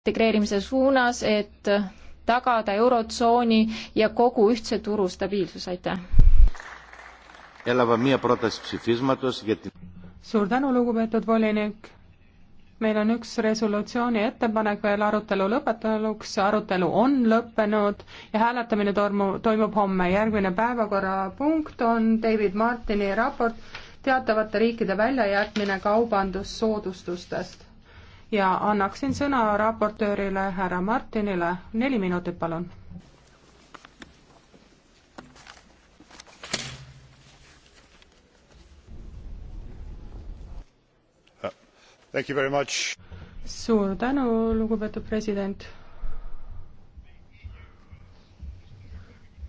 integreerimise suunas, et tagada Eurotsooni ja kogu ühtse turu stabiilsus, aitäh! suur tänu, lugupeetud volinik! meil on üks resolutsiooni ettepanek veel arutelu lõpetuseks, arutelu on lõppenud ja hääletamine tormu, toimub homme. järgmine päevakorrapunkt on David Martini raport teatavate riikide väljajätmine kaubandussoodustustest ja annaksin sõna raportöörile härra Martinile, neli minutit, palun. suur tänu, lugupeetud president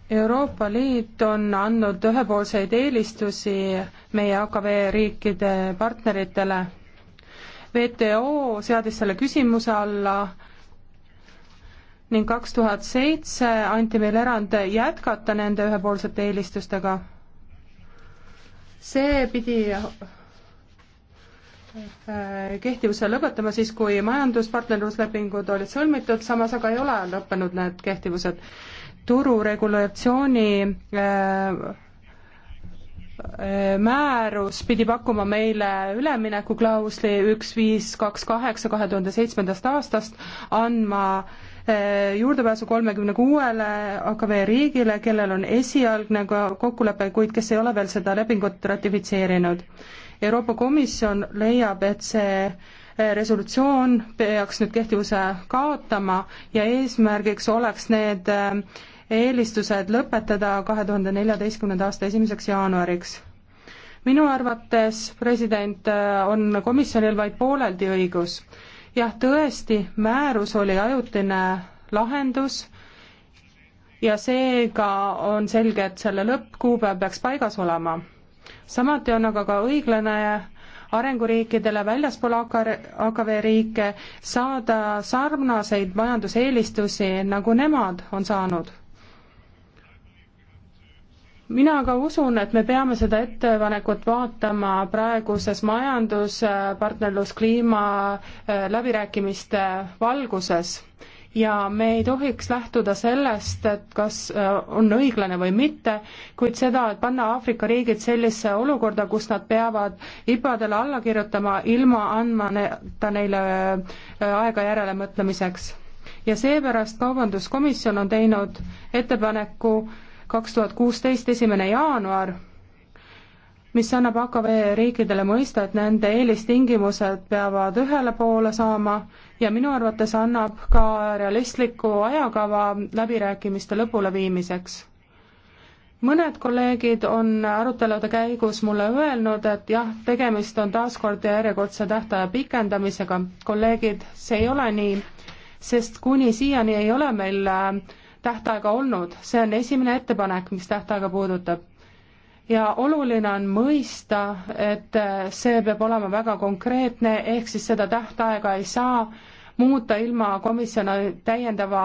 Euroopa Liit on andnud ühepoolseid eelistusi meie AKV riikide partneritele WTO seadis selle küsimuse alla ning kaks tuhat seitse anti meile erand jätkata nende ühepoolsete eelistustega. see pidi äh, kehtivuse lõpetama siis, kui majanduspartnerluslepingud olid sõlmitud, samas aga ei ole lõppenud need kehtivused. tururegulatsiooni äh, Äh, määrus pidi pakkuma meile üleminekuklausli üks viis kaks kaheksa kahe tuhande seitsmendast aastast, andma äh, juurdepääsu kolmekümne kuuele AKV riigile, kellel on esialgne kokkulepe, kuid kes ei ole veel seda lepingut ratifitseerinud. Euroopa Komisjon leiab, et see äh, resolutsioon peaks nüüd kehtivuse kaotama ja eesmärgiks oleks need äh, eelistused lõpetada kahe tuhande neljateistkümnenda aasta esimeseks jaanuariks. minu arvates, president, on komisjonil vaid pooleldi õigus. jah, tõesti, määrus oli ajutine lahendus ja seega on selge, et selle lõppkuupäev peaks paigas olema. samuti on aga ka õiglane arenguriikidele väljaspool AKV riike saada sarnaseid majanduseelistusi, nagu nemad on saanud mina aga usun, et me peame seda ettepanekut vaatama praeguses majanduspartnerluskliima äh, läbirääkimiste valguses ja me ei tohiks lähtuda sellest, et kas äh, on õiglane või mitte, kuid seda, et panna Aafrika riigid sellisesse olukorda, kus nad peavad IPA-dele alla kirjutama ilma andmata neile äh, aega järelemõtlemiseks. ja seepärast Kaubanduskomisjon on teinud ettepaneku kaks tuhat kuusteist, esimene jaanuar, mis annab AKV riikidele mõista, et nende eelistingimused peavad ühele poole saama ja minu arvates annab ka realistliku ajakava läbirääkimiste lõpuleviimiseks mõned kolleegid on arutelude käigus mulle öelnud, et jah, tegemist on taaskord järjekordse tähtaja pikendamisega. kolleegid, see ei ole nii, sest kuni siiani ei ole meil äh, tähtaega olnud, see on esimene ettepanek, mis tähtaega puudutab. ja oluline on mõista, et see peab olema väga konkreetne, ehk siis seda tähtaega ei saa muuta ilma komisjoni täiendava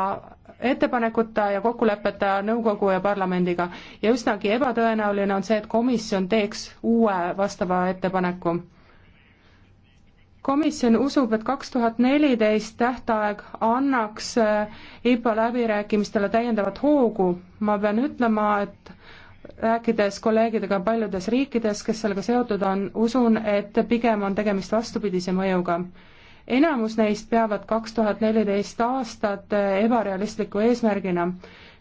ettepanekuta ja kokkuleppeta nõukogu ja parlamendiga. ja üsnagi ebatõenäoline on see, et komisjon teeks uue vastava ettepaneku komisjon usub, et kaks tuhat neliteist tähtaeg annaks äh, IPA läbirääkimistele täiendavat hoogu. ma pean ütlema, et rääkides kolleegidega paljudes riikides, kes sellega seotud on, usun, et pigem on tegemist vastupidise mõjuga. enamus neist peavad kaks tuhat neliteist aastat äh, ebarealistliku eesmärgina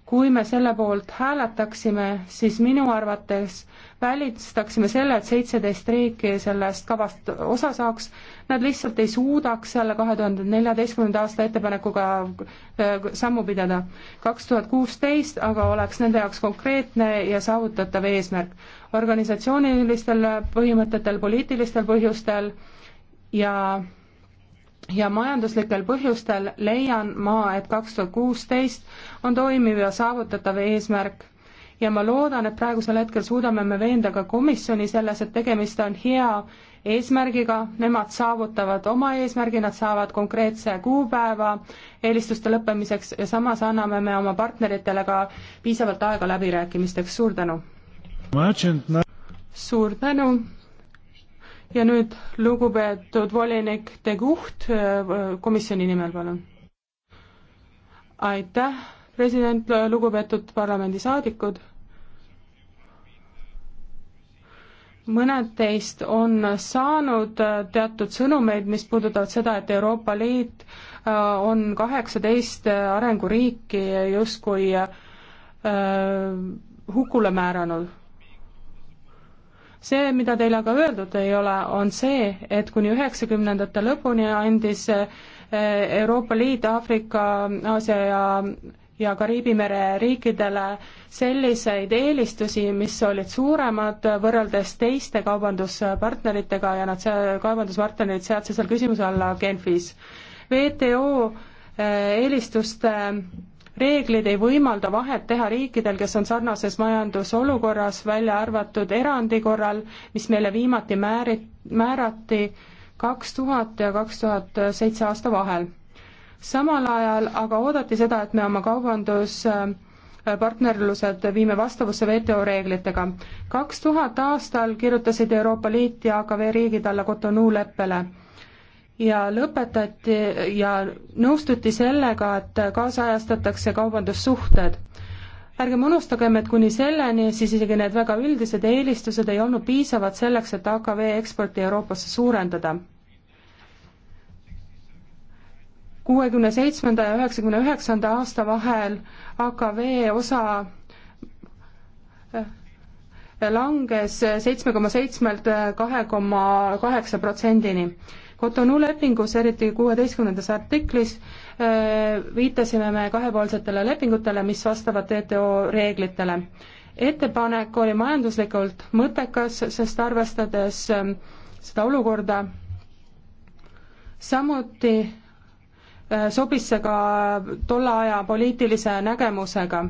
kui me selle poolt hääletaksime, siis minu arvates välistaksime selle, et seitseteist riiki sellest kavast osa saaks, nad lihtsalt ei suudaks selle kahe tuhande neljateistkümnenda aasta ettepanekuga äh, sammu pidada. kaks tuhat kuusteist aga oleks nende jaoks konkreetne ja saavutatav eesmärk. organisatsioonilistel põhimõtetel, poliitilistel põhjustel ja ja majanduslikel põhjustel leian ma, et kaks tuhat kuusteist on toimiv ja saavutatav eesmärk ja ma loodan, et praegusel hetkel suudame me veenda ka komisjoni selles, et tegemist on hea eesmärgiga, nemad saavutavad oma eesmärgi, nad saavad konkreetse kuupäeva eelistuste lõppemiseks ja samas anname me oma partneritele ka piisavalt aega läbirääkimisteks, suur tänu! suur tänu! ja nüüd lugupeetud volinik De Gucht äh, komisjoni nimel, palun. aitäh, president, äh, lugupeetud parlamendisaadikud. mõned teist on saanud äh, teatud sõnumeid, mis puudutavad seda, et Euroopa Liit on kaheksateist arenguriiki justkui hukule määranud see, mida teile aga öeldud ei ole, on see, et kuni üheksakümnendate lõpuni andis eh, Euroopa Liit Aafrika, Aasia ja ja Kariibi mere riikidele selliseid eelistusi, mis olid suuremad võrreldes teiste kaubanduspartneritega ja nad, kaubanduspartnerid seadsid seal küsimuse alla Genfis. WTO eh, eelistuste reeglid ei võimalda vahet teha riikidel, kes on sarnases majandusolukorras, välja arvatud erandi korral, mis meile viimati määri-, määrati kaks tuhat ja kaks tuhat seitse aasta vahel. samal ajal aga oodati seda, et me oma kaubandus äh, partnerlused viime vastavusse WTO reeglitega. kaks tuhat aastal kirjutasid Euroopa Liit ja AKV riigid alla Cotonou leppele ja lõpetati ja nõustuti sellega, et kaasajastatakse kaubandussuhted. ärgem unustagem, et kuni selleni siis isegi need väga üldised eelistused ei olnud piisavad selleks, et AKV eksporti Euroopasse suurendada. kuuekümne seitsmenda ja üheksakümne üheksanda aasta vahel AKV osa eh, langes seitsme koma seitsmelt kahe koma kaheksa protsendini. Cotonou lepingus, eriti kuueteistkümnendas artiklis, äh, viitasime me kahepoolsetele lepingutele, mis vastavad WTO reeglitele. ettepanek oli majanduslikult mõttekas, sest arvestades ähm, seda olukorda, samuti äh, sobis see ka tolle aja poliitilise nägemusega.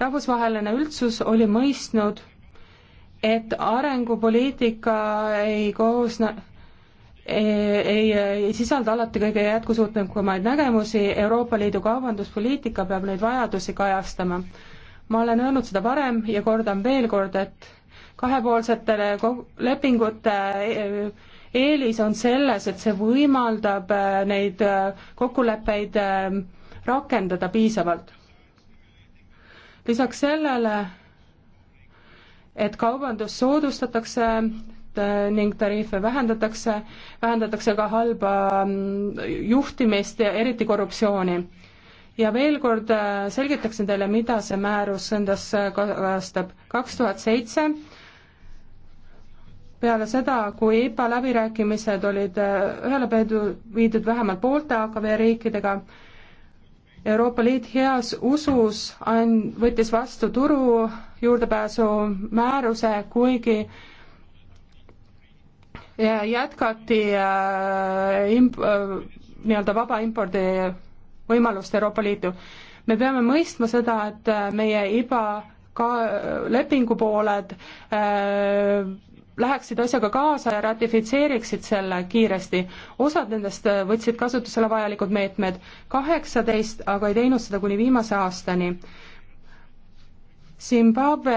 rahvusvaheline üldsus oli mõistnud, et arengupoliitika ei koosne ei, ei sisalda alati kõige jätkusuutlikumaid nägemusi, Euroopa Liidu kaubanduspoliitika peab neid vajadusi kajastama. ma olen öelnud seda varem ja kordan veel kord, et kahepoolsetele lepingute e-, eelis on selles, et see võimaldab äh, neid äh, kokkuleppeid äh, rakendada piisavalt. lisaks sellele, et kaubandust soodustatakse, Äh, ning tariife vähendatakse, vähendatakse ka halba mm, juhtimist ja eriti korruptsiooni. ja veel kord äh, selgitaksin teile, mida see määrus endas äh, kajastab. kaks tuhat seitse peale seda, kui IPA läbirääkimised olid ühele peedu, viidud vähemalt poolte AKV riikidega, Euroopa Liit heas usus an-, võttis vastu turu juurdepääsu määruse, kuigi äh, jätkati äh, imp-, äh, nii-öelda vaba impordi võimalust Euroopa Liitu. me peame mõistma seda, et äh, meie iba ka lepingupooled äh, läheksid asjaga kaasa ja ratifitseeriksid selle kiiresti. osad nendest võtsid kasutusele vajalikud meetmed, kaheksateist aga ei teinud seda kuni viimase aastani Zimbabwe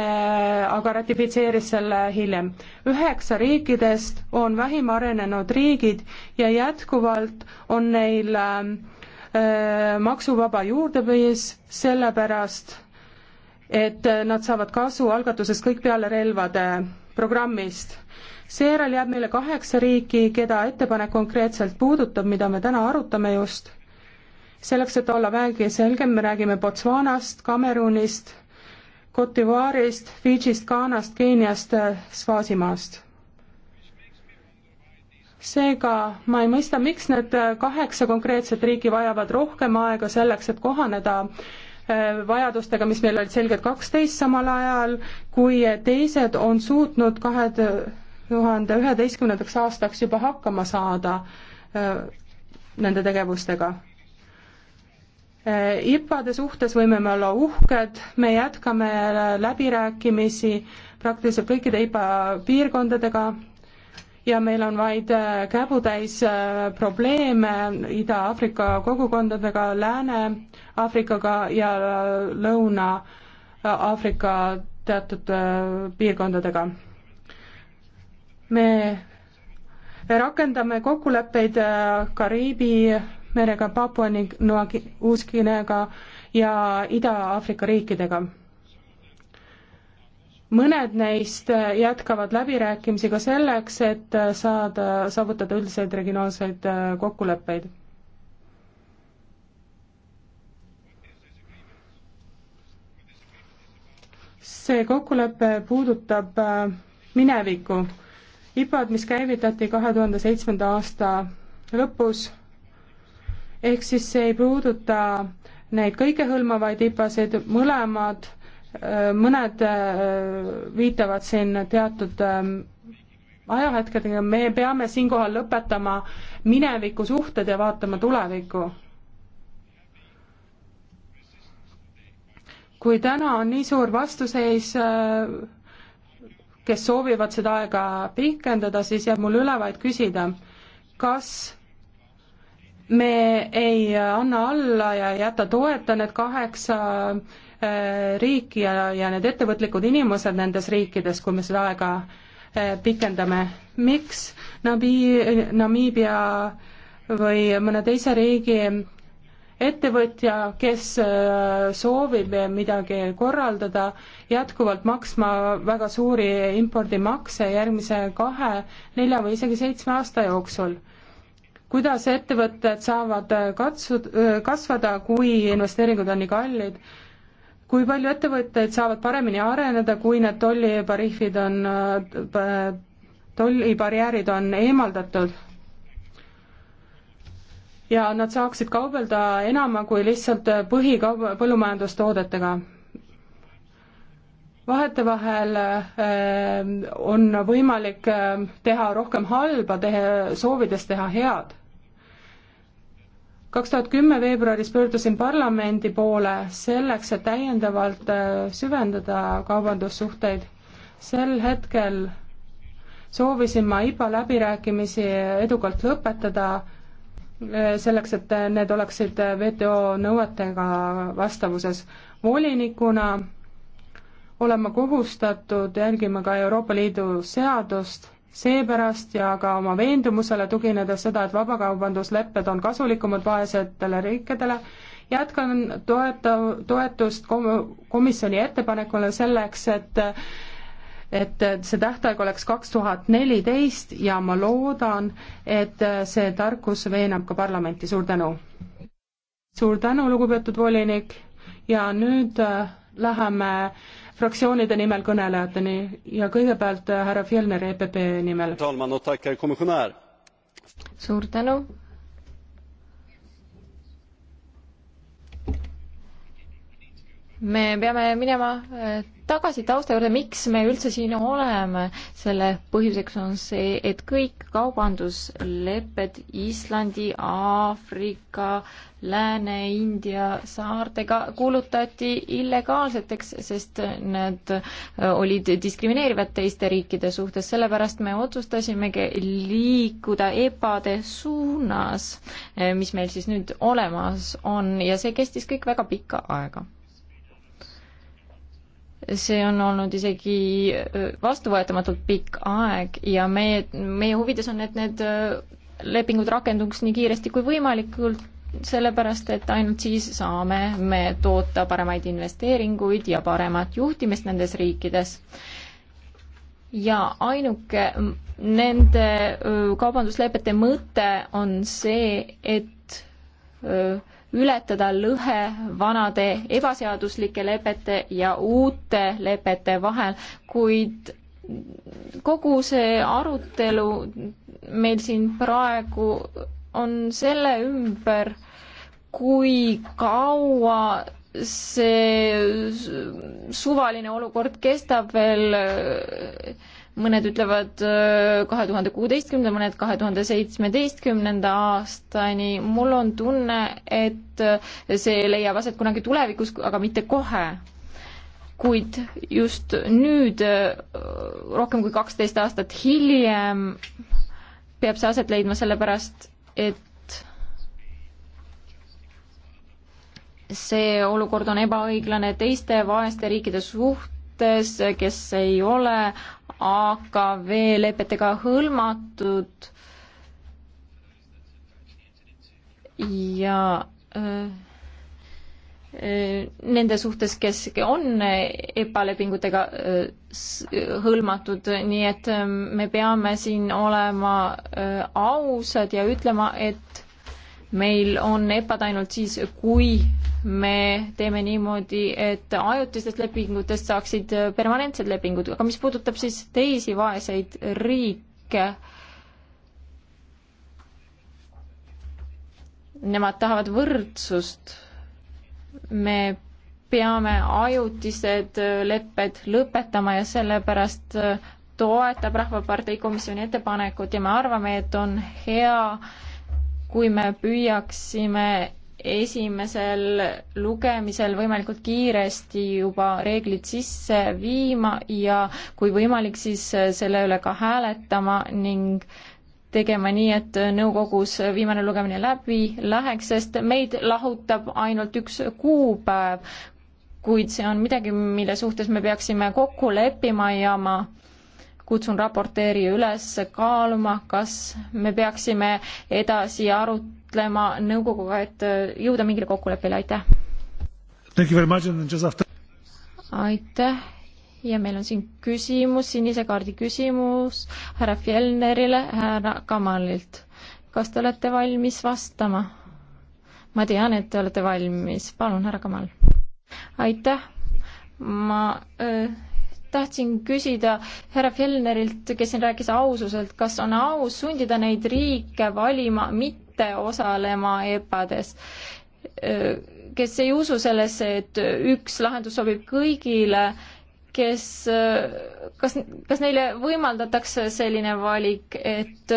aga ratifitseeris selle hiljem. üheksa riikidest on vähim arenenud riigid ja jätkuvalt on neil ähm, äh, maksuvaba juurdepääs, sellepärast et nad saavad kasu algatusest kõik peale relvade programmist. seejärel jääb meile kaheksa riiki, keda ettepanek konkreetselt puudutab, mida me täna arutame just. selleks, et olla vähegi selgem, me räägime Botswanast, Kamerunist Cote d'Ivoire'ist, Fidžist, Ghanast, Keeniast, Svaasimaast. seega ma ei mõista, miks need kaheksa konkreetset riiki vajavad rohkem aega selleks, et kohaneda äh, vajadustega, mis meil olid selgelt kaksteist samal ajal, kui teised on suutnud kahe tuhande üheteistkümnendaks aastaks juba hakkama saada äh, nende tegevustega IPA-de suhtes võime me olla uhked, me jätkame läbirääkimisi praktiliselt kõikide IPA piirkondadega ja meil on vaid äh, käbutäis äh, probleeme Ida-Aafrika kogukondadega, Lääne-Aafrikaga ja äh, Lõuna-Aafrika teatud piirkondadega. me rakendame kokkuleppeid Kariibi merega, Papua Uus-Guineaga ja Ida-Aafrika riikidega. mõned neist jätkavad läbirääkimisi ka selleks, et saada, saavutada üldiseid regionaalseid kokkuleppeid see kokkulepe puudutab äh, minevikku. IPA-d, mis käivitati kahe tuhande seitsmenda aasta lõpus ehk siis see ei puuduta neid kõikehõlmavaid IPA-sid, mõlemad, äh, mõned äh, viitavad siin teatud ähm, ajahetkedega, me peame siinkohal lõpetama mineviku suhted ja vaatama tulevikku. kui täna on nii suur vastuseis, äh, kes soovivad seda aega pikendada, siis jääb mul üle vaid küsida, kas me ei anna alla ja ei jäta toeta need kaheksa äh, riiki ja, ja need ettevõtlikud inimesed nendes riikides, kui me seda aega äh, pikendame. miks Nabi-, Namiibia või mõne teise riigi ettevõtja, kes äh, soovib midagi korraldada, jätkuvalt maksma väga suuri impordimakse järgmise kahe, nelja või isegi seitsme aasta jooksul kuidas ettevõtted saavad äh, katsu-, äh, kasvada, kui investeeringud on nii kallid, kui palju ettevõtteid saavad paremini areneda, kui need tollipariifid on, äh, tollibarjäärid on eemaldatud? ja nad saaksid kaubelda enama kui lihtsalt põhikauba, põllumajandustoodetega vahetevahel on võimalik teha rohkem halba, tehe, soovides teha head kaks tuhat kümme veebruaris pöördusin parlamendi poole selleks, et täiendavalt äh, süvendada kaubandussuhteid. sel hetkel soovisin ma IPA läbirääkimisi edukalt lõpetada, äh, selleks, et need oleksid äh, WTO nõuetega vastavuses. volinikuna olen ma kohustatud jälgima ka Euroopa Liidu seadust seepärast ja ka oma veendumusele tuginedes seda, et vabakaubanduslepped on kasulikumad vaesetele riikidele, jätkan toeta-, toetust kom-, komisjoni ettepanekule selleks, et et see tähtaeg oleks kaks tuhat neliteist ja ma loodan, et see tarkus veenab ka parlamenti, suur tänu! suur tänu, lugupeetud volinik, ja nüüd äh, läheme fraktsioonide nimel kõnelejateni ja kõigepealt äh, härra Fjellner EPP nimel. suur tänu. me peame minema äh, tagasi tausta juurde, miks me üldse siin oleme. selle põhjuseks on see, et kõik kaubanduslepped Islandi, Aafrika, Lääne-India saartega kuulutati illegaalseteks, sest need äh, olid diskrimineerivad teiste riikide suhtes, sellepärast me otsustasimegi liikuda EPA-de suunas, äh, mis meil siis nüüd olemas on ja see kestis kõik väga pikka aega see on olnud isegi vastuvõetamatult pikk aeg ja meie, meie huvides on, et need lepingud rakenduks nii kiiresti kui võimalikult, sellepärast et ainult siis saame me toota paremaid investeeringuid ja paremat juhtimist nendes riikides. ja ainuke nende kaubanduslepete mõte on see, et öö, ületada lõhe vanade ebaseaduslike lepete ja uute lepete vahel, kuid kogu see arutelu meil siin praegu on selle ümber, kui kaua see suvaline olukord kestab veel mõned ütlevad äh, kahe tuhande kuueteistkümnenda, mõned kahe tuhande seitsmeteistkümnenda aastani. mul on tunne, et äh, see leiab aset kunagi tulevikus, aga mitte kohe. kuid just nüüd, äh, rohkem kui kaksteist aastat hiljem, peab see aset leidma sellepärast, et see olukord on ebaõiglane teiste vaeste riikide suht-, suhtes, kes ei ole AKV lepetega hõlmatud ja öö, äh, äh, nende suhtes, kes on ebalepingutega äh, hõlmatud, nii et me peame siin olema ausad ja ütlema, et meil on EPA-d ainult siis, kui me teeme niimoodi, et ajutistest lepingutest saaksid permanentsed lepingud, aga mis puudutab siis teisi vaeseid riike, nemad tahavad võrdsust. me peame ajutised lepped lõpetama ja sellepärast toetab Rahvapartei komisjoni ettepanekut ja me arvame, et on hea kui me püüaksime esimesel lugemisel võimalikult kiiresti juba reeglid sisse viima ja kui võimalik, siis selle üle ka hääletama ning tegema nii, et nõukogus viimane lugemine läbi läheks, sest meid lahutab ainult üks kuupäev, kuid see on midagi, mille suhtes me peaksime kokku leppima ja ma kutsun raporteeri üles kaaluma, kas me peaksime edasi arutlema nõukoguga, et äh, jõuda mingile kokkuleppele, aitäh! aitäh ja meil on siin küsimus, sinise kaardi küsimus härra Fjellnerile, härra Kamalilt. kas te olete valmis vastama? ma tean, et te olete valmis, palun, härra Kamal. aitäh, ma öö, äh, tahtsin küsida härra Fjellnerilt, kes siin rääkis aususelt, kas on aus sundida neid riike valima mitte osalema EPA-des? kes ei usu sellesse, et üks lahendus sobib kõigile, kes, kas, kas neile võimaldatakse selline valik, et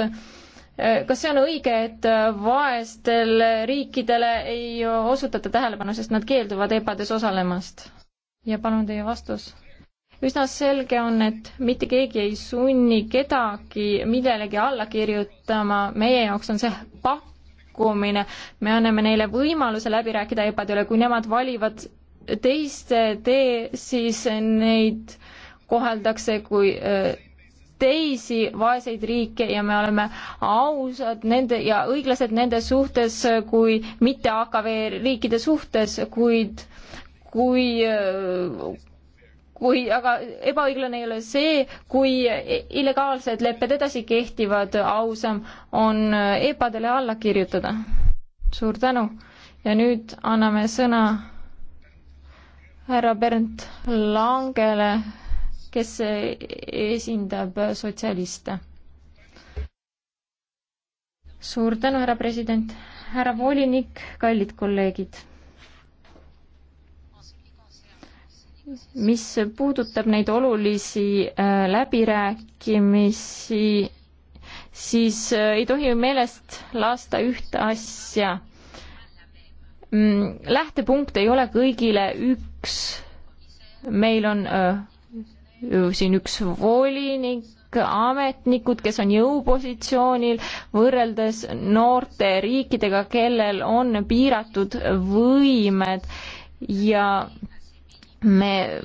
kas see on õige, et vaestel riikidele ei osutata tähelepanu, sest nad keelduvad EBA-des osalemast? ja palun teie vastus üsna selge on, et mitte keegi ei sunni kedagi millelegi alla kirjutama, meie jaoks on see pakkumine, me anname neile võimaluse läbi rääkida EPA-dele, kui nemad valivad teiste tee, siis neid koheldakse kui äh, teisi vaeseid riike ja me oleme ausad nende ja õiglased nende suhtes kui mitte AKV riikide suhtes, kuid kui äh, kui, aga ebaõiglane ei ole see, kui illegaalsed lepped edasi kehtivad, ausam on EPA-dele alla kirjutada. suur tänu ja nüüd anname sõna härra Bernt Langele, kes esindab sotsialiste. suur tänu, härra president, härra volinik, kallid kolleegid mis puudutab neid olulisi äh, läbirääkimisi, siis äh, ei tohi meelest lasta ühte asja. Mm, lähtepunkt ei ole kõigile üks. meil on äh, siin üks volinik, ametnikud, kes on jõupositsioonil võrreldes noorte riikidega, kellel on piiratud võimed ja me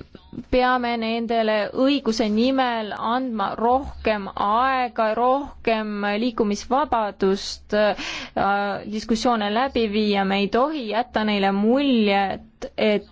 peame nendele õiguse nimel andma rohkem aega, rohkem liikumisvabadust, äh, diskussioone läbi viia, me ei tohi jätta neile muljet, et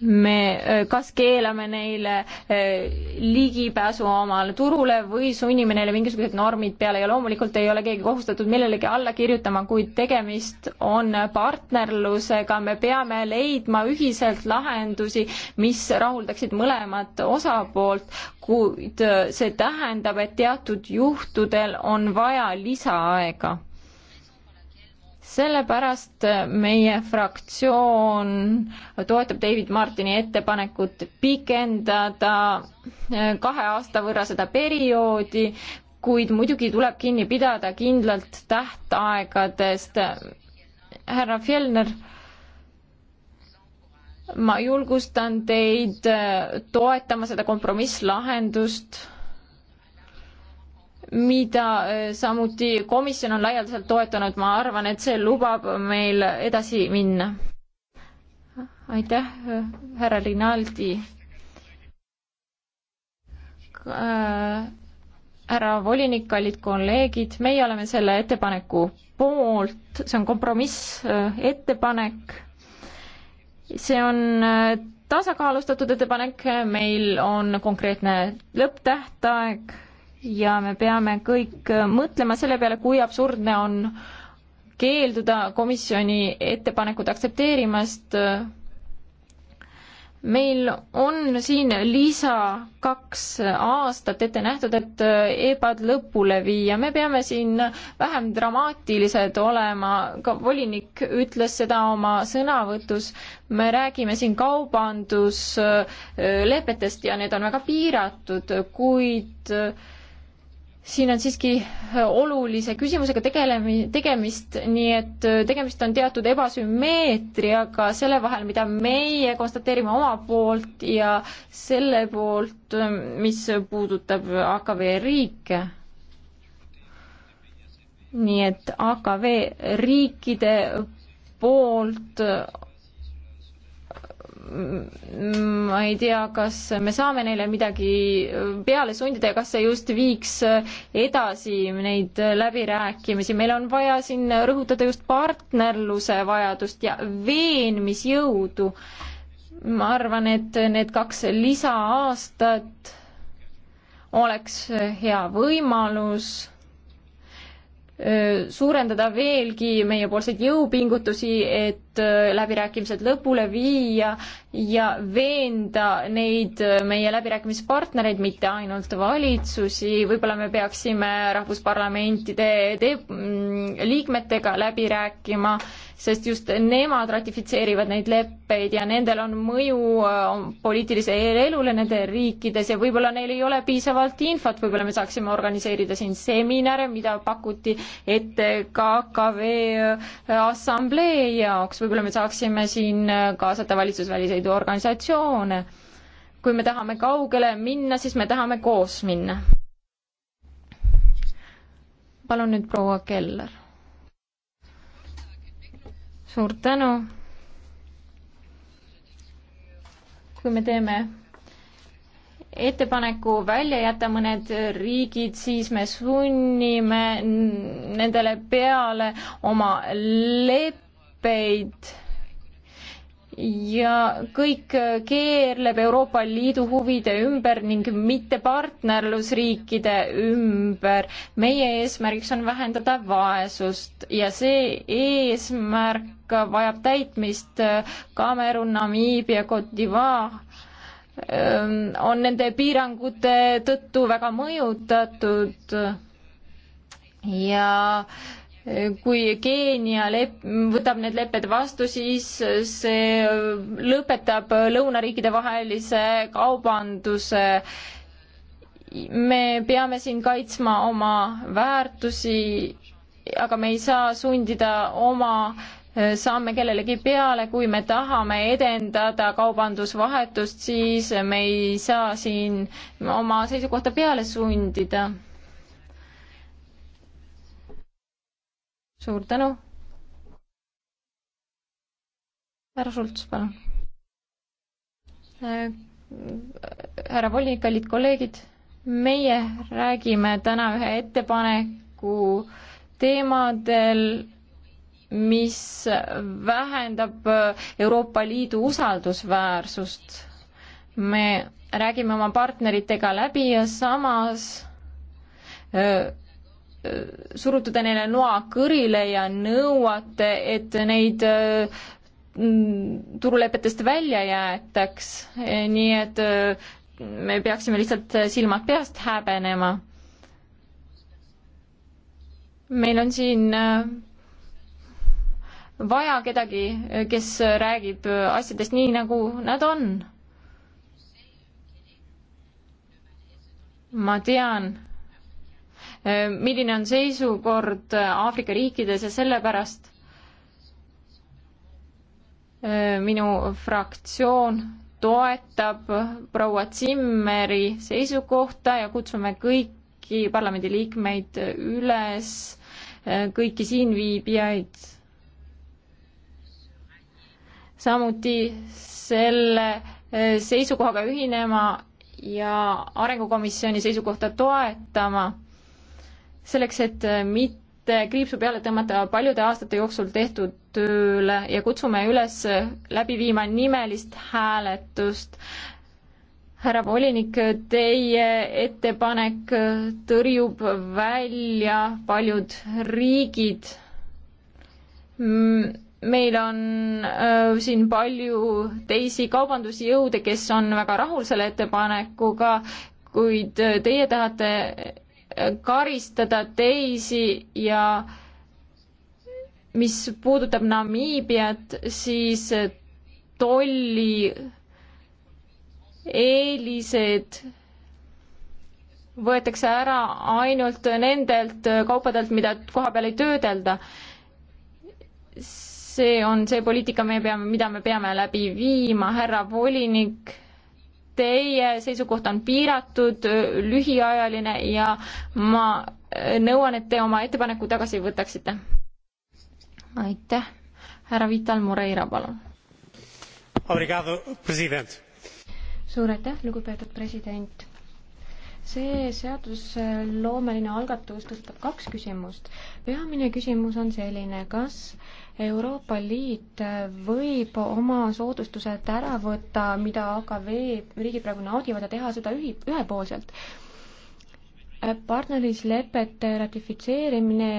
me kas keelame neile eh, ligipääsu omale turule või sunnime neile mingisugused normid peale ja loomulikult ei ole keegi kohustatud millelegi alla kirjutama, kuid tegemist on partnerlusega, me peame leidma ühiselt lahendusi, mis rahuldaksid mõlemat osapoolt, kuid see tähendab, et teatud juhtudel on vaja lisaaega sellepärast äh, meie fraktsioon toetab David Martini ettepanekut pikendada äh, kahe aasta võrra seda perioodi, kuid muidugi tuleb kinni pidada kindlalt tähtaegadest. härra Fjellner, ma julgustan teid äh, toetama seda kompromisslahendust mida äh, samuti komisjon on laialdaselt toetanud, ma arvan, et see lubab meil edasi minna. aitäh, härra Rinaldi. Äh, härra volinik, kallid kolleegid, meie oleme selle ettepaneku poolt, see on kompromissettepanek. Äh, see on tasakaalustatud ettepanek, meil on konkreetne lõpptähtaeg ja me peame kõik mõtlema selle peale, kui absurdne on keelduda komisjoni ettepanekut aktsepteerimast. meil on siin lisa kaks aastat ette nähtud, et EBA-d lõpule viia, me peame siin vähem dramaatilised olema, ka volinik ütles seda oma sõnavõtus, me räägime siin kaubanduslepetest ja need on väga piiratud, kuid äh, siin on siiski äh, olulise küsimusega tegelemi-, tegemist, nii et äh, tegemist on teatud ebasümmeetriaga selle vahel, mida meie konstateerime oma poolt ja selle poolt, äh, mis puudutab AKV riike. nii et AKV riikide poolt ma ei tea, kas me saame neile midagi peale sundida ja kas see just viiks edasi neid läbirääkimisi. meil on vaja siin rõhutada just partnerluse vajadust ja veenmisjõudu. ma arvan, et need kaks lisaaastat oleks hea võimalus suurendada veelgi meiepoolseid jõupingutusi, et läbirääkimised lõpule viia ja veenda neid meie läbirääkimispartnereid, mitte ainult valitsusi, võib-olla me peaksime rahvusparlamentide mm, liikmetega läbi rääkima sest just nemad ratifitseerivad neid leppeid ja nendel on mõju äh, poliitilisele elule nende riikides ja võib-olla neil ei ole piisavalt infot, võib-olla me saaksime organiseerida siin seminare, mida pakuti ette KKV äh, assamblee jaoks, võib-olla me saaksime siin äh, kaasata valitsusväliseid organisatsioone. kui me tahame kaugele minna, siis me tahame koos minna palun nüüd proua Keller suur tänu. kui me teeme ettepaneku välja jätta mõned riigid, siis me sunnime nendele peale oma leppeid ja kõik keerleb Euroopa Liidu huvide ümber ning mitte partnerlusriikide ümber. meie eesmärgiks on vähendada vaesust ja see eesmärk vajab täitmist Kamerun, Namiibia, Cote d'Ivoire ähm, on nende piirangute tõttu väga mõjutatud ja äh, kui Keenia lep-, võtab need lepped vastu, siis see lõpetab lõunariikide vahelise kaubanduse. me peame siin kaitsma oma väärtusi, aga me ei saa sundida oma e, saame kellelegi peale, kui me tahame edendada kaubandusvahetust, siis me ei saa siin oma seisukohta peale sundida suur tänu. härra Schultz, palun. Äh, härra volinik, kallid kolleegid, meie räägime täna ühe ettepaneku teemadel, mis vähendab äh, Euroopa Liidu usaldusväärsust. me räägime oma partneritega läbi ja samas öö, äh, surutute neile noa kõrile ja nõuate, et neid mm, turulepetest välja jäetaks, nii et mm, me peaksime lihtsalt silmad peast häbenema. meil on siin äh, vaja kedagi, kes räägib asjadest nii, nagu nad on. ma tean, Äh, milline on seisukord äh, Aafrika riikides ja sellepärast äh, minu fraktsioon toetab proua Zimmeri seisukohta ja kutsume kõiki parlamendiliikmeid üles, kõiki siinviibijaid, samuti selle seisukohaga ühinema ja Arengukomisjoni seisukohta toetama selleks, et äh, mitte kriipsu peale tõmmata paljude aastate jooksul tehtud tööle ja kutsume üles äh, läbi viima nimelist hääletust. härra volinik, teie ettepanek äh, tõrjub välja paljud riigid meil on äh, siin palju teisi kaubandusjõude, kes on väga rahul selle ettepanekuga, kuid teie tahate, karistada teisi ja mis puudutab Namiibiat, siis tolli eelised võetakse ära ainult nendelt kaupadelt, mida kohapeal ei töödelda. see on see poliitika, me peame, mida me peame läbi viima, härra volinik teie seisukoht on piiratud, lühiajaline ja ma äh, nõuan, et te oma ettepaneku tagasi võtaksite. aitäh, härra Vital Moreira, palun. suur aitäh, lugupeetud president see seadusloomeline algatus tõstatab kaks küsimust. peamine küsimus on selline, kas Euroopa Liit võib oma soodustused ära võtta, mida AKV riigid praegu naudivad ja teha seda ühi-, ühepoolselt. partnerluslepete ratifitseerimine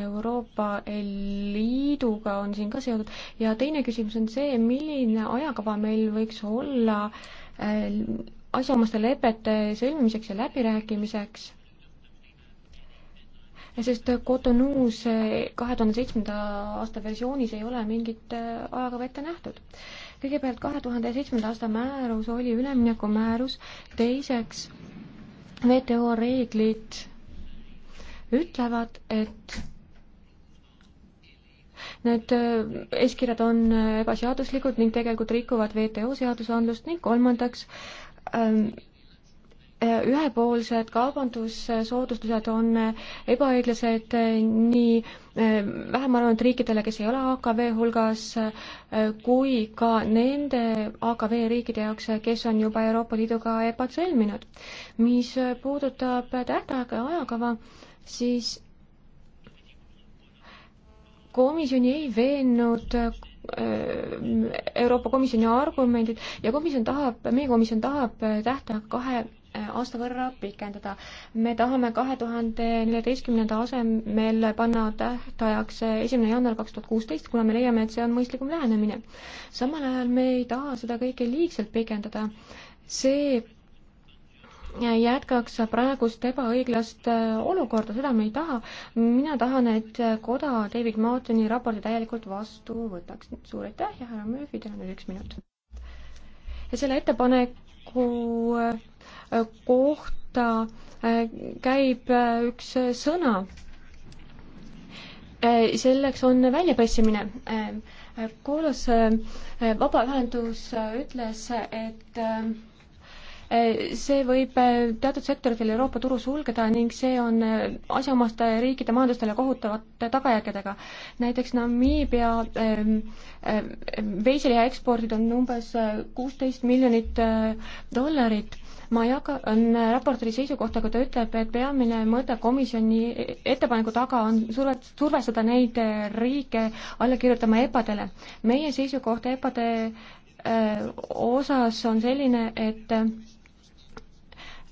Euroopa Liiduga on siin ka seotud ja teine küsimus on see, milline ajakava meil võiks olla äh, asjaomaste lepete sõlmimiseks ja läbirääkimiseks sest Cotonou's kahe tuhande seitsmenda aasta versioonis ei ole mingit äh, ajakava ette nähtud. kõigepealt kahe tuhande seitsmenda aasta määrus oli üleminekumäärus, teiseks WTO reeglid ütlevad, et need äh, eeskirjad on äh, ebaseaduslikud ning tegelikult rikuvad WTO seadusandlust ning kolmandaks ähm, ühepoolsed kaubandussoodustused on ebaõiglased nii eh, vähem arenenud riikidele, kes ei ole AKV hulgas, eh, kui ka nende AKV riikide jaoks, kes on juba Euroopa Liiduga EPA-d sõlminud. mis puudutab tähtaega ja ajakava, siis komisjoni ei veennud eh, Euroopa Komisjoni argumendid ja komisjon tahab, meie komisjon tahab tähtaega kahe aasta võrra pikendada. me tahame kahe tuhande neljateistkümnenda asemel panna tähtajaks esimene jaanuar kaks tuhat kuusteist, kuna me leiame, et see on mõistlikum lähenemine. samal ajal me ei taha seda kõike liigselt pikendada. see jätkaks praegust ebaõiglast äh, olukorda, seda me ei taha. mina tahan, et koda David Martini raporti täielikult vastu võtaks. suur aitäh ja härra Murphy, teil on nüüd üks minut. ja selle ettepaneku kohta äh, käib äh, üks sõna. Äh, selleks on väljapressimine. Koolos vabaühendus ütles, et see võib äh, teatud sektoritel Euroopa turu sulgeda ning see on äh, asjaomaste riikide majandustele kohutavate tagajärgedega. näiteks Namiibia ähm, ähm, veiseliha ekspordid on umbes äh, kuusteist miljonit dollarit ma jagan raportori seisukohta, kui ta ütleb, et peamine mõte komisjoni ettepaneku taga on survet, survestada neid riike alla kirjutama EPA-dele. meie seisukoht EPA-de osas on selline, et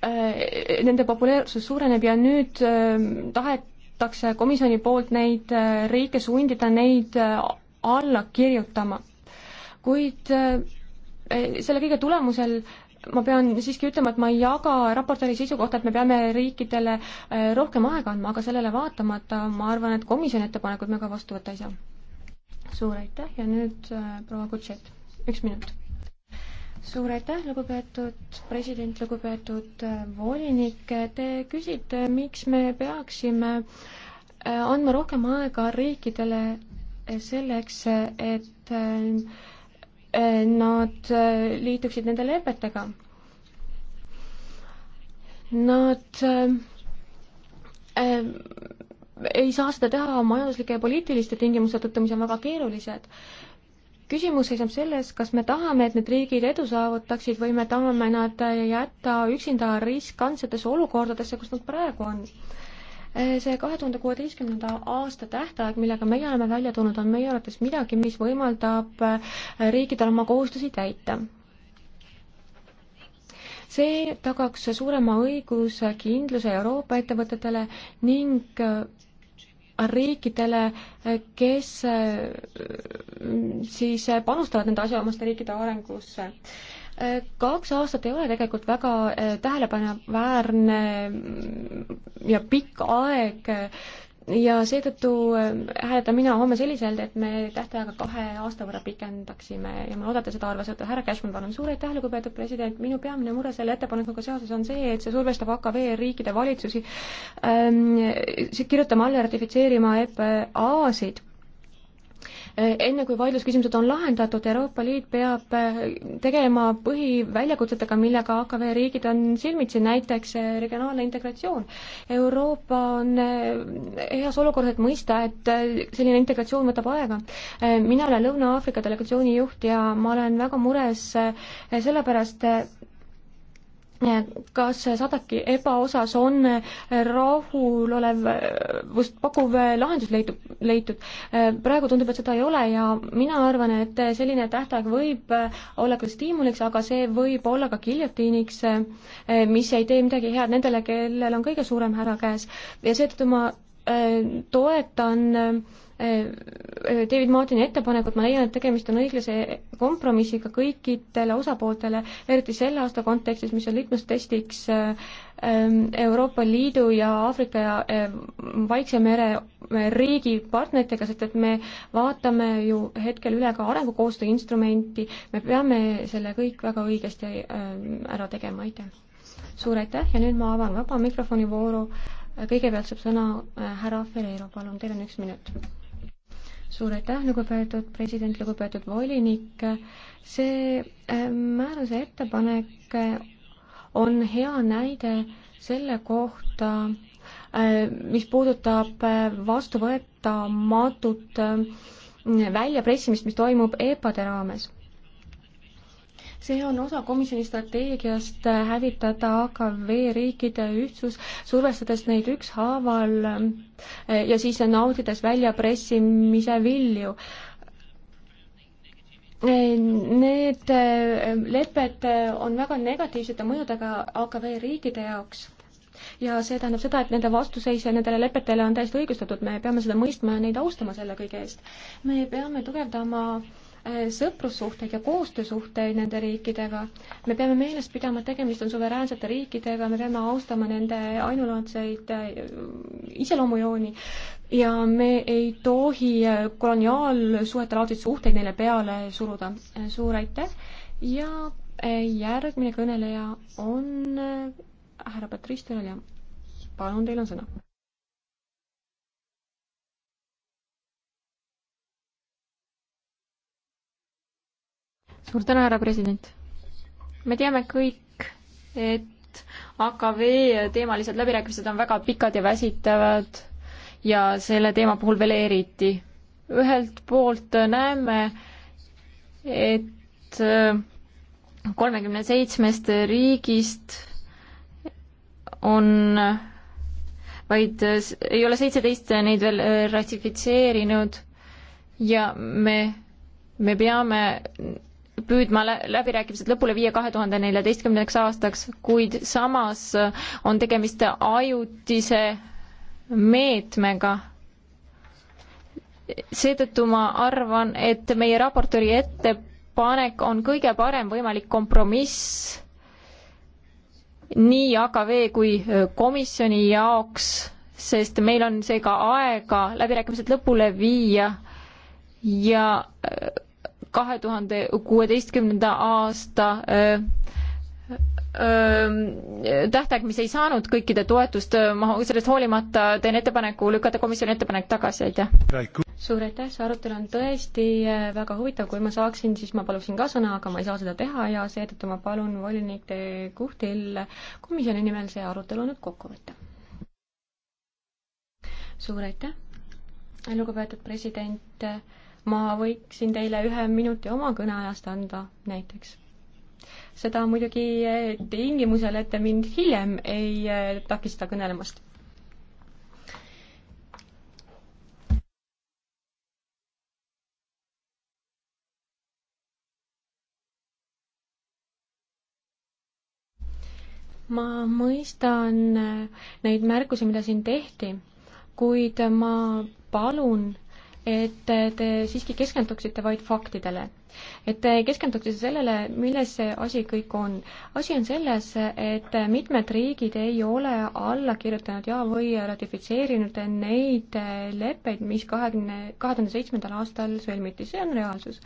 Äh, nende populaarsus suureneb ja nüüd äh, tahetakse komisjoni poolt neid äh, riike sundida neid alla kirjutama. kuid selle kõige tulemusel ma pean siiski ütlema, et ma ei jaga raportööri seisukohta, et me peame riikidele rohkem aega andma, aga sellele vaatamata ma arvan, et komisjoni ettepanekuid me ka vastu võtta ei saa. suur aitäh ja nüüd proua Kutšet, üks minut suur aitäh, lugupeetud president, lugupeetud äh, volinik, te küsite, miks me peaksime äh, andma rohkem aega riikidele äh, selleks, et nad liituksid nende lepetega. Nad ei saa seda teha majanduslike ja poliitiliste tingimuste tõttu, mis on väga keerulised küsimus seisneb selles, kas me tahame, et need riigid edu saavutaksid või me tahame nad jätta üksinda riskantsetesse olukordadesse, kus nad praegu on. see kahe tuhande kuueteistkümnenda aasta tähtaeg, millega meie oleme välja tulnud, on meie arvates midagi, mis võimaldab riikidel oma kohustusi täita see tagaks suurema õiguskindluse Euroopa ettevõtetele ning riikidele, kes mm, siis panustavad nende asjaomaste riikide arengusse. kaks aastat ei ole tegelikult väga eh, tähelepanuväärne mm, ja pikk aeg ja seetõttu äh, hääletan mina homme selliselt, et me tähtaega kahe aasta võrra pikendaksime ja ma loodan, et te seda arvasite. härra Cashman, palun, suur aitäh, lugupeetud president, minu peamine mure selle ettepanekuga seoses on see, et see survestab AKV riikide valitsusi ähm, kirjutama alla ja ratifitseerima EPA-sid enne kui vaidlusküsimused on lahendatud, Euroopa Liit peab äh, tegema põhiväljakutsetega, millega AKV riigid on silmitsi, näiteks äh, regionaalne integratsioon. Euroopa on äh, heas olukorras, et mõista, et selline integratsioon võtab aega. mina olen Lõuna-Aafrika delegatsiooni juht ja ma olen väga mures sellepärast, kas Sadaki EBA osas on rahulolevust pakkuv lahendus leitud, leitud? praegu tundub, et seda ei ole ja mina arvan, et selline tähtaeg võib olla küll stiimuliks, aga see võib olla ka giljotiiniks, mis ei tee midagi head nendele, kellel on kõige suurem häda käes ja seetõttu ma äh, toetan Äh, äh, David Martini ettepanekut, ma leian, et tegemist on õiglase kompromissiga kõikidele osapooltele, eriti selle aasta kontekstis, mis on litmustestiks äh, ähm, Euroopa Liidu ja Aafrika ja Vaikse mere riigi partneritega, sest et me vaatame ju hetkel üle ka arengukoostöö instrumenti, me peame selle kõik väga õigesti ära tegema, aitäh! suur aitäh ja nüüd ma avan vaba mikrofoni vooru, kõigepealt saab sõna härra Ferreiro, palun, teil on üks minut suur aitäh, lugupeetud president, lugupeetud volinik. see äh, määruse ettepanek äh, on hea näide selle kohta, äh, mis puudutab vastuvõetamatut väljapressimist, mis toimub EPA-de raames see on osa komisjoni strateegiast äh, hävitada AKV riikide ühtsus, survestades neid ükshaaval äh, ja siis naudides väljapressimise vilju äh, Need lepped on väga negatiivsete mõjudega AKV riikide jaoks ja see tähendab seda, et nende vastuseis nendele lepetele on täiesti õigustatud, me peame seda mõistma ja neid austama selle kõige eest. me peame tugevdama äh, Äh, sõprussuhteid ja koostöösuhteid nende riikidega. me peame meeles pidama, et tegemist on suveräänsete riikidega, me peame austama nende ainulaadseid äh, iseloomujooni ja me ei tohi äh, koloniaalsuhetelaadseid suhteid neile peale suruda. suur aitäh ja järgmine kõneleja on härra Patrice Tõnelja. palun, teil on sõna suur tänu, härra president. me teame kõik, et AKV teemalised läbirääkimised on väga pikad ja väsitavad ja selle teema puhul veel eriti. ühelt poolt näeme, et kolmekümne seitsmest riigist on vaid ei ole seitseteist neid veel ratifitseerinud ja me, me peame püüdma läbirääkimised lõpule viia kahe tuhande neljateistkümneks aastaks, kuid samas on tegemist ajutise meetmega. seetõttu ma arvan, et meie raportööri ettepanek on kõige parem võimalik kompromiss nii AKV kui komisjoni jaoks, sest meil on seega aega läbirääkimised lõpule viia ja kahe tuhande kuueteistkümnenda aasta tähtaeg, mis ei saanud kõikide toetust, ma sellest hoolimata teen ettepaneku lükata komisjoni ettepanek tagasi, aitäh. suur aitäh, see arutelu on tõesti väga huvitav, kui ma saaksin, siis ma paluksin ka sõna, aga ma ei saa seda teha ja seetõttu ma palun volinik De Guhtil komisjoni nimel see arutelu nüüd kokku võtta. suur aitäh, lugupeetud president ma võiksin teile ühe minuti oma kõneajast anda näiteks. seda muidugi eh, tingimusel, et te mind hiljem ei eh, takista kõnelemast. ma mõistan eh, neid märkusi, mida siin tehti, kuid ma palun äh, et te siiski keskenduksite vaid faktidele. et te keskenduksite sellele, milles see asi kõik on. asi on selles, et mitmed riigid ei ole alla kirjutanud ja või ratifitseerinud neid leppeid, mis kahekümne, kahe tuhande seitsmendal aastal sõlmiti, see on reaalsus.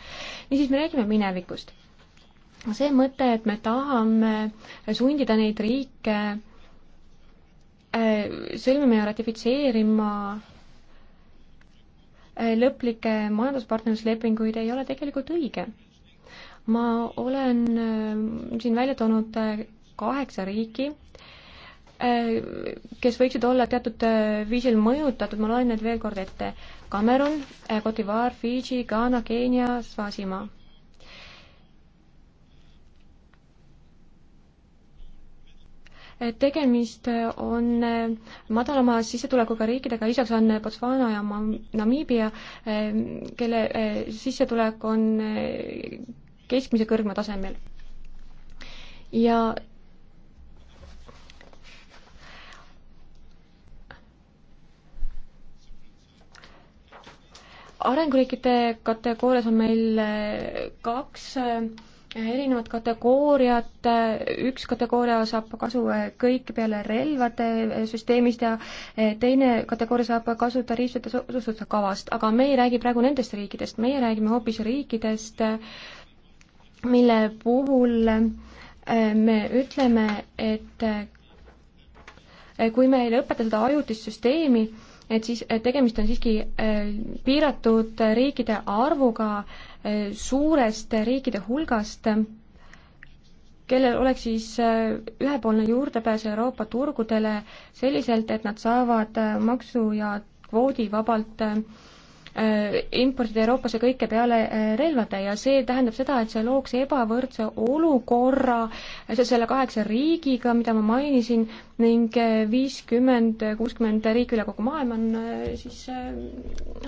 niisiis, me räägime minevikust. see mõte, et me tahame sundida neid riike äh, sõlmima ja ratifitseerima Äh, lõplikke majanduspartnerluslepinguid ei ole tegelikult õige. ma olen äh, siin välja toonud äh, kaheksa riiki, kes võiksid olla teatud viisil mõjutatud, ma loen need veel kord ette. Kamerun, Cote d'Ivoire, Fidži, Ghana, Keenia, Swazimaa. tegemist on eh, madalama sissetulekuga riikidega, lisaks on Botswana ja Namiibia, eh, kelle eh, sissetulek on keskmise kõrgema tasemel. ja arenguriikide kategoorias on meil kaks erinevad kategooriad, üks kategooria saab kasu eh, kõik peale relvade eh, süsteemist ja eh, teine kategooria saab kasu tariifide soodustuste kavast, aga me ei räägi praegu nendest riikidest, meie räägime hoopis riikidest, mille puhul me ütleme, et kui me ei lõpeta seda ajutist süsteemi, et siis et tegemist on siiski äh, piiratud riikide arvuga äh, suurest riikide hulgast, kellel oleks siis äh, ühepoolne juurdepääs Euroopa turgudele selliselt, et nad saavad maksu- ja kvoodivabalt Äh, importida Euroopasse kõike peale äh, relvade ja see tähendab seda, et see looks ebavõrdse olukorra selle kaheksa riigiga, mida ma mainisin, ning äh, viiskümmend, kuuskümmend riiki üle kogu maailma on siis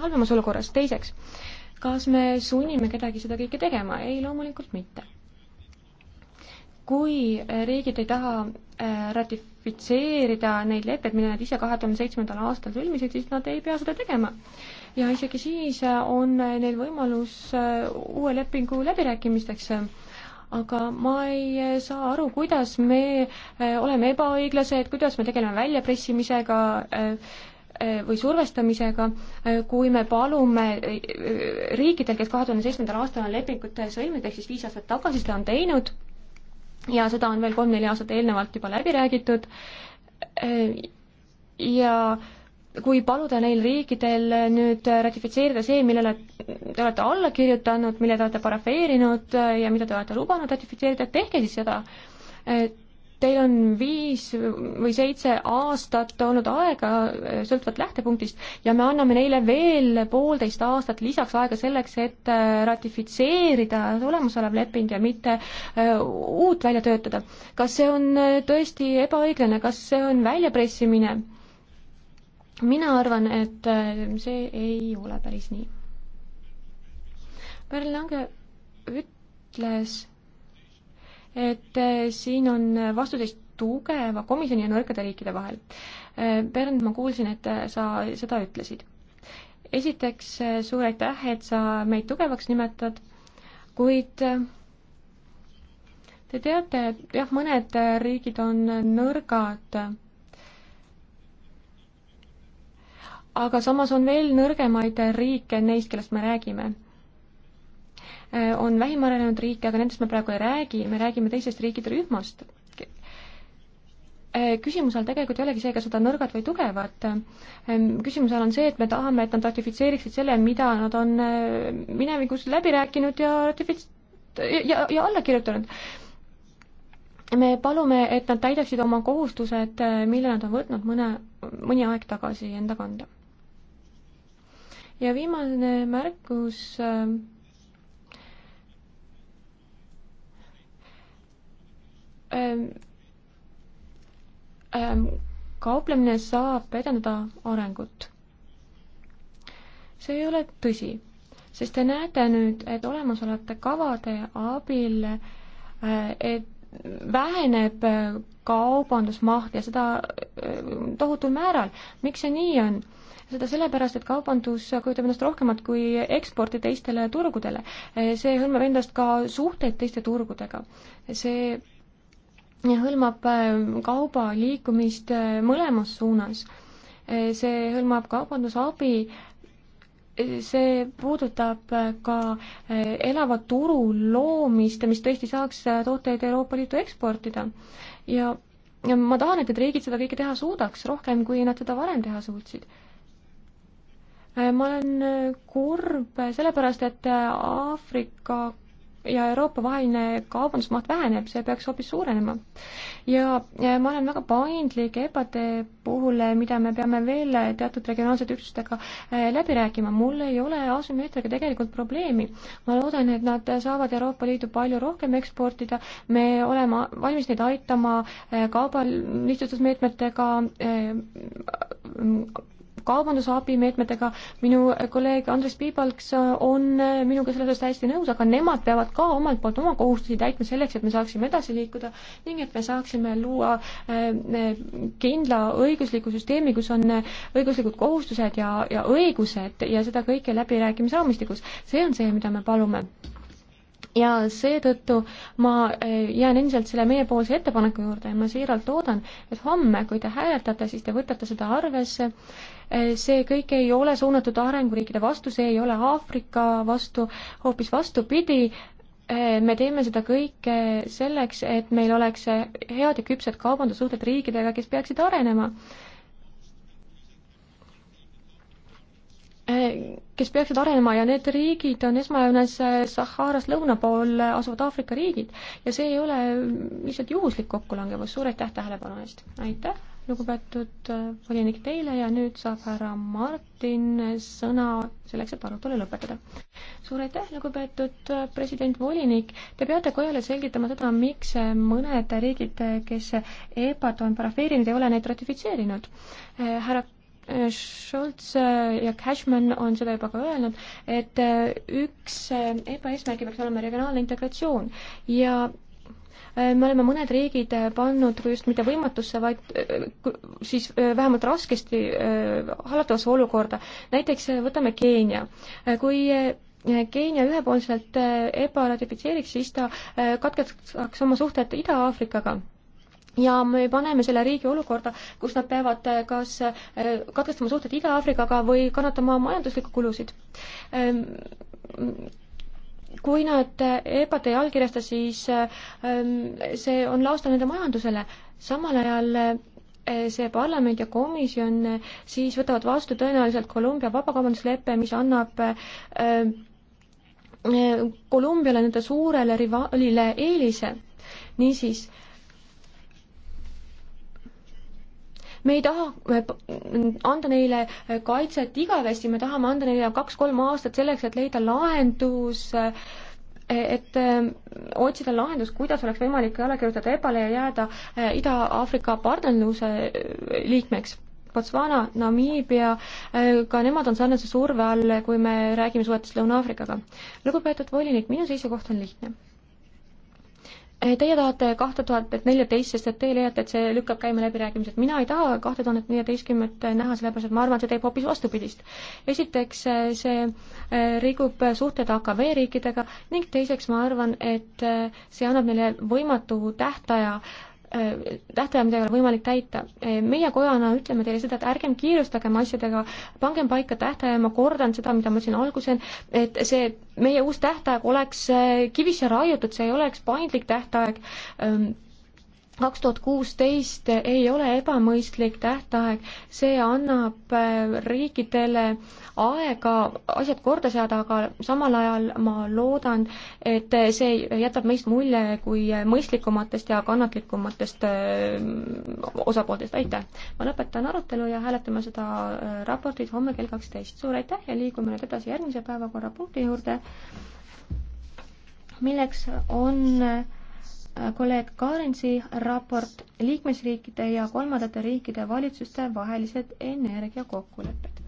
halvemas olukorras. teiseks, kas me sunnime kedagi seda kõike tegema? ei, loomulikult mitte kui riigid ei taha ratifitseerida neid leppeid, mille nad ise kahe tuhande seitsmendal aastal sõlmisid, siis nad ei pea seda tegema ja isegi siis äh, on neil võimalus äh, uue lepingu läbirääkimisteks aga ma ei äh, saa aru, kuidas me oleme ebaõiglased, kuidas me tegeleme väljapressimisega või survestamisega, kui me palume riikidel, kes kahe tuhande seitsmendal aastal on lepingut sõlminud, ehk siis viis aastat tagasi seda on teinud ja seda on veel kolm-neli aastat eelnevalt juba läbi räägitud ja äh, kui paluda neil riikidel nüüd ratifitseerida see, millele te olete alla kirjutanud, mille te olete parafeerinud ja mida te olete lubanud ratifitseerida, tehke siis seda. Teil on viis või seitse aastat olnud aega sõltuvalt lähtepunktist ja me anname neile veel poolteist aastat lisaks aega selleks, et ratifitseerida olemasolev leping ja mitte äh, uut välja töötada. kas see on äh, tõesti ebaõiglane, kas see on väljapressimine? mina arvan, et äh, see ei ole päris nii. Pärl Lange ütles, et äh, siin on vastuseis tugeva komisjoni ja nõrkade riikide vahel. Äh, Bernd, ma kuulsin, et sa seda ütlesid. esiteks suur aitäh, et sa meid tugevaks nimetad, kuid te teate, et jah, mõned riigid on nõrgad aga samas on veel nõrgemaid riike neist, kellest me räägime. on vähim arenenud riike, aga nendest me praegu ei räägi, me räägime teisest riikide rühmast. Küsimuse all tegelikult ei olegi see, kas nad on nõrgad või tugevad. Küsimuse all on see, et me tahame, et nad ratifitseeriksid selle, mida nad on minevikus läbi rääkinud ja ratifits-, ja, ja alla kirjutanud me palume, et nad täidaksid oma kohustused, mille nad on võtnud mõne, mõni aeg tagasi enda kanda ja viimane märkus ähm, ähm, ähm, kauplemine saab edendada arengut. see ei ole tõsi, sest te näete nüüd, et olemasolevate kavade abil äh,, et väheneb äh, kaubandusmaht ja seda äh, tohutul määral. miks see nii on? seda sellepärast, et kaubandus kujutab endast rohkemat kui eksporti teistele turgudele. see hõlmab endast ka suhteid teiste turgudega. see hõlmab äh, kauba liikumist äh, mõlemas suunas. Äh, see hõlmab kaubandusabi, see puudutab ka elava turu loomist, mis tõesti saaks tooteid Euroopa Liitu eksportida. ja, ja ma tahan, et need riigid seda kõike teha suudaks, rohkem kui nad seda varem teha suutsid Äh, ma olen äh, kurb äh, sellepärast, et Aafrika ja Euroopa vaheline kaubandusmaht väheneb, see peaks hoopis suurenema. ja ma olen väga paindlik EPA-de puhul, mida me peame veel teatud regionaalsete üksustega läbi rääkima, mul ei ole asümmeetriaga tegelikult probleemi. ma loodan, et nad saavad Euroopa Liidu palju rohkem eksportida, me oleme valmis neid aitama kaubalihtsustusmeetmetega kaubandusabimeetmetega, minu kolleeg Andres Piibalks on minuga selles osas täiesti nõus, aga nemad peavad ka omalt poolt oma kohustusi täitma selleks, et me saaksime edasi liikuda ning et me saaksime luua eh, kindla õigusliku süsteemi, kus on õiguslikud kohustused ja, ja õigused ja seda kõike läbirääkimise raamistikus. see on see, mida me palume ja seetõttu ma eh, jään endiselt selle meiepoolse ettepaneku juurde ja ma siiralt loodan, et homme, kui te hääletate, siis te võtate seda arvesse see kõik ei ole suunatud arenguriikide vastu, see ei ole Aafrika vastu, hoopis vastupidi, me teeme seda kõike selleks, et meil oleks head ja küpsed kaubandussuhted riikidega, kes peaksid arenema. kes peaksid arenema ja need riigid on esmajoones Saharas lõuna pool asuvad Aafrika riigid ja see ei ole lihtsalt juhuslik kokkulangevus, suur aitäh tähelepanu eest! aitäh! lugupeetud äh, volinik teile ja nüüd saab härra Martin sõna selleks, et arutelu lõpetada. suur aitäh, lugupeetud äh, president volinik, te peate kojale selgitama seda, miks äh, mõned riigid, kes EPA-t on parafeerinud, ei ole neid ratifitseerinud. härra Scholz ja Cashman on seda juba ka öelnud, et üks ebaeesmärgi peaks olema regionaalne integratsioon ja Äh, me oleme mõned riigid äh, pannud just mitte võimatusse, vaid äh, siis vähemalt raskesti hallatavasse olukorda. näiteks võtame Keenia. kui Keenia ühepoolselt ebaratifitseeriks, siis ta katkestaks oma suhted Ida-Aafrikaga ja me paneme selle riigi olukorda, kus nad peavad kas katkestama suhted Ida-Aafrikaga või kannatama majanduslikku kulusid kui nad EPA-t ei allkirjasta, siis ähm, see on lausta nende majandusele. samal ajal äh, see parlament ja komisjon siis võtavad vastu tõenäoliselt Kolumbia vabakaubandusleppe, mis annab ähm, äh, Kolumbiale, nende suurele rivaalile eelise. niisiis äh, me ei taha anda neile äh, kaitset igavesti, me tahame anda neile kaks-kolm aastat selleks, et leida lahendus, äh, et äh, otsida lahendus, kuidas oleks võimalik jala kirjutada ebale ja jääda Ida-Aafrika partnerluse liikmeks. Botswana, Namiibia, ka nemad on sarnase surve all, kui me räägime suhetest Lõuna-Aafrikaga. lugupeetud volinik, minu seisukoht on lihtne Eh, teie tahate kahte tuhat neljateist, sest et teie leiate, et see lükkab käima läbirääkimised. mina ei taha kahte tuhat neljateistkümmet näha, sellepärast et ma arvan, see teeb hoopis vastupidist. esiteks, eh, see eh, rikub suhted AKV riikidega ning teiseks ma arvan, et see annab meile võimatu tähtaja Äh, tähtaja, mida ei ole võimalik täita. Äh, meie kojana ütleme teile seda, et ärgem kiirustagem asjadega, pangem paika tähtaja, ma kordan seda, mida ma siin alguses, et see meie uus tähtaeg oleks äh, kivisse raiutud, see ei oleks paindlik tähtaeg ähm, kaks tuhat kuusteist ei ole ebamõistlik tähtaeg, see annab äh, riikidele aega asjad korda seada, aga samal ajal ma loodan, et see jätab meist mulje kui mõistlikumatest ja kannatlikumatest äh, osapooltest, aitäh! ma lõpetan arutelu ja hääletame seda äh, raportit homme kell kaksteist. suur aitäh ja liigume nüüd edasi järgmise päevakorrapunkti juurde, milleks on kolleeg Karensi raport liikmesriikide ja kolmandate riikide valitsuste vahelised energiakokkulepped.